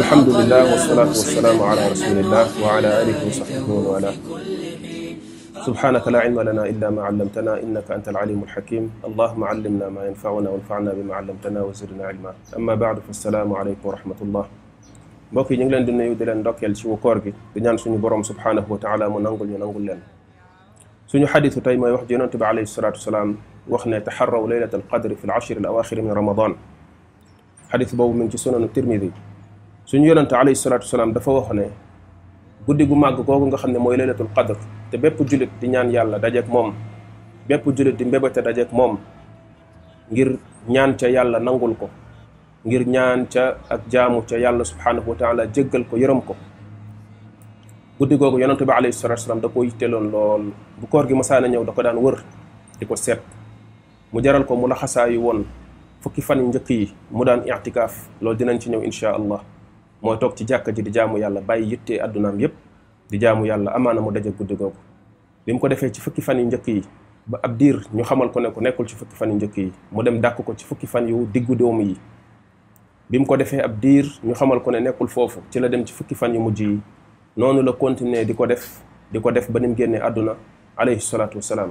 alhamdulilah wasalaatu wasalaamu ala rasulillah wa ala alihi wa sahbihi wa wala subhanaka laa ilma lana illa ma allamtana innaka anta alalimu alxakim allahuma allimna ma yanfauna wanfana bima allamtana wa zidna ilma amma baadu fa assalaamu aleykum wa rahmatullah mbokk yi ñu ngi leen di nuyu di leen ndokkeel ci wu koor gi di ñaan suñu borom subhanahu wa taala mu nangul ñu nangul leen suñu xadisu tey mooy wax ji yonente bi alayhi salatu wasalaam wax ne taxarraw leylata al qadri fi l ashri al awaxiri min ramadan xadis boobu mi ngi ci sunanu tirmidi suñu yonente alayhi salatu wasalaam dafa wax ne guddi gu màgg googu nga xam ne mooy laylatul qadr te bépp jullit di ñaan yàlla dajeek moom bépp jullit di mbébate dajeek moom ngir ñaan ca yàlla nangul ko ngir ñaan ca ak jaamu ca yàlla subhaanahu wa taala jéggal ko yërëm ko guddi googu yonantu bi alayhi salatu wasalaam da koo yitteeloon lool bu koor gi masaana ñëw da ko daan wër di ko seet mu jaral ko mu laxasaayu woon fukki fan njëkk yi mu daan itikaaf loolu dinañ ci ñëw insha allah mooy toog ci jàkka ji di jaamu yàlla bàyyi yittee addunaam yépp di jaamu yàlla amaana mu daje guddi googu bi mu ko defee ci fukki fan yi njëkk yi ba ab diir ñu xamal ko ne ko nekkul ci fukki fan yu njëkk yi mu dem dàkk ko ci fukki fan yu diggu doomu yi bi mu ko defee ab diir ñu xamal ko ne nekkul foofu ci la dem ci fukki fan yu mujj yi noonu la continuer di ko def di ko def ba ni mu génnee àdduna alayhi salaatu wasalaam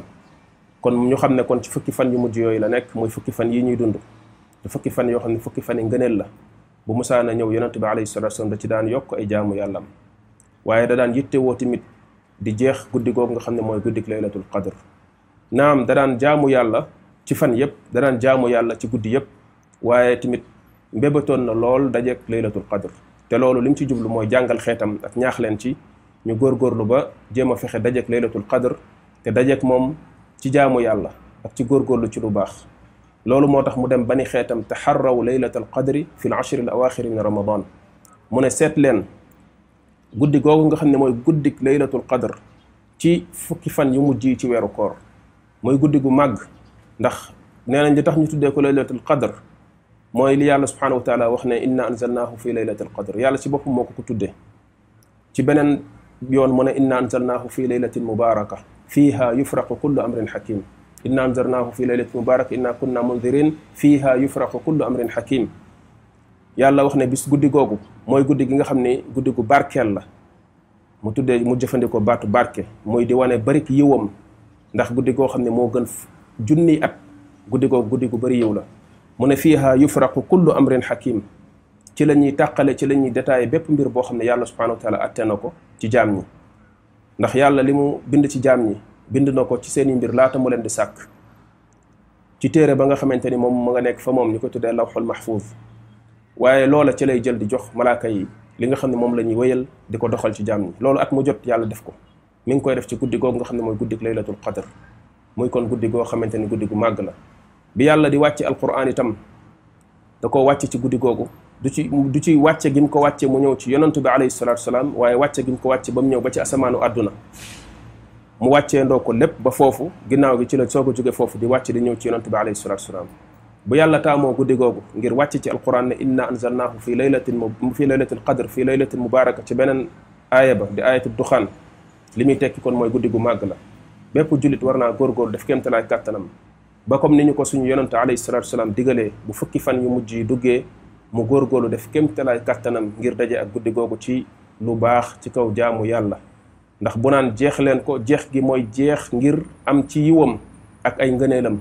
kon ñu xam ne kon ci fukki fan yu mujj yooyu la nekk muy fukki fan yi ñuy dund te fukki fan yoo xam ne fukki fan yi ngëneel la bu musaana ñëw yonent bi alayhi salaatu da ci daan yokk ay jaamu yàllam waaye da daan yitte woo tamit di jeex guddi googu nga xam ne mooy guddik laylatul qadr naam da daan jaamu yàlla ci fan yëpp da daan yàlla ci guddi yëpp waaye tamit mbébatoon na lool dajeek laylatul qadr te loolu li mu ci jublu mooy jàngal xeetam ak ñaax leen ci ñu góor góorgóorlu ba jéem a fexe dajeek laylatul qadr te dajeek moom ci jaamu yàlla ak ci góorgóorlu ci lu baax loolu moo tax mu dem bani xeetam taxarraw laylatal qadri fi l ashri l awaaxir min ramadan mu ne seet leen guddi googu nga xam ne mooy guddik laylatul qadr ci fukki fan yu mujj yi ci weeru koor mooy guddi gu màgg ndax nee nañ li tax ñu tuddee ko laylatul qadr mooy li yàlla subhaanahu wa taala wax ne inna anzalnaahu fi laylatil qadr yàlla ci boppam moo ko ko tuddee ci beneen yoon mu ne inna anzalnaahu fi laylatin mubaraka fiha yufraqu kullu amrin hakim inna anzalnaahu fi laylatin mubaraka inna kunna mundirin fiha yufraqu kullu amrin hakim yàlla wax ne bis guddi googu mooy guddi gi nga xam ne guddi gu barkeel la mu tuddee mu jëfandikoo baatu barke muy di wane barik yiwam ndax guddi goo xam ne moo gën junniy at guddi googu guddi gu bëri yiw la mu ne fiiha yufraqu kullu amrin hakim ci la ñuy tàqale ci la ñuy détaillé bépp mbir boo xam ne yàlla subhanahu wa taala atte na ko ci jaam ñi ndax yàlla li mu bind ci jaam ñi bind na ko ci seeni mbir laata mu leen di sàkk ci téere ba nga xamante ni moom mu nga nekk fa moom ñu ko tuddee lawxul mahfuuz waaye loola ci lay jël di jox malaaka yi li nga xam ne moom la ñuy wéyal di ko doxal ci jaam ñi loolu at mu jot yàlla def ko mi ngi koy def ci guddi googu nga xam ne mooy guddik laylatul qadr muy kon guddi goo xamante ni guddi gu màgg la bi yàlla di wàcce alquran itam da koo wàcc ci guddi googu du ci du ci wàcce gim ko wàcce mu ñëw ci yonantu bi alayhi salaatu salaam waaye wàcce gim ko wàcc ba mu ñëw ba ci asamaanu àdduna mu wàccee ndoo ko lépp ba foofu ginnaaw gi ci la soo a jóge foofu di wàcc di ñëw ci yonantu bi alayhi salaatu salaam bu yàlla taamoo guddi googu ngir wàcce ci alquran ne inna anzalnaahu fi laylatin fi laylatil qadr fi laylatin mubaraka ci beneen aaya ba di aayatu duxaan li muy tekki kon mooy guddi gu màgg la bépp jullit war naa góorgóor def kéemtalaay kàttanam ba comme ni ñu ko suñu yonante alayhi salaatu salaam digalee bu fukki fan yu mujj yi duggee mu góor góorlu def kéemtalaay kàttanam ngir daje ak guddi googu ci lu baax ci kaw jaamu yàlla ndax bu naan jeex leen ko jeex gi mooy jeex ngir am ci yiwam ak ay ngëneelam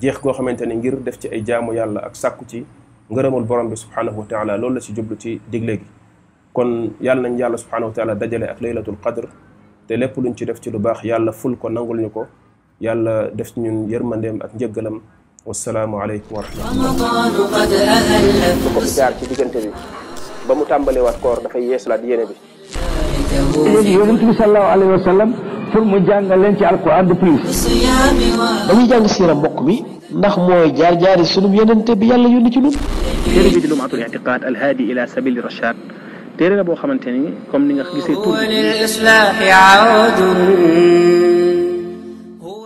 jeex goo xamante ni ngir def ci ay jaamu yàlla ak sàkku ci ngërëmul borom bi subhaanahu wa taala loolu la ci jublu ci digle gi kon yàlla nañ yàlla subhaanahu wa taala dajale ak laylatul qadr te lépp luñ ci def ci lu baax yàlla ful ko nangul ñu ko yàlla def ci ñun yërmandeem ak njëggalam wasalaamualeykum wa rahmatullah ko ba mu tàmbali waat koor dafay yeesalaat yéene bi yonent bi sallallahu alayhi wa sallam pour mu jàngal leen ci alquran de plus bi jàng siira ndax mooy jaar jaari sunub yonente bi yàlla yónni ci ñun téere bi di lumaatul itiqaad alhaadi ila sabili rachad téere la boo xamante ni comme ni nga gisee tur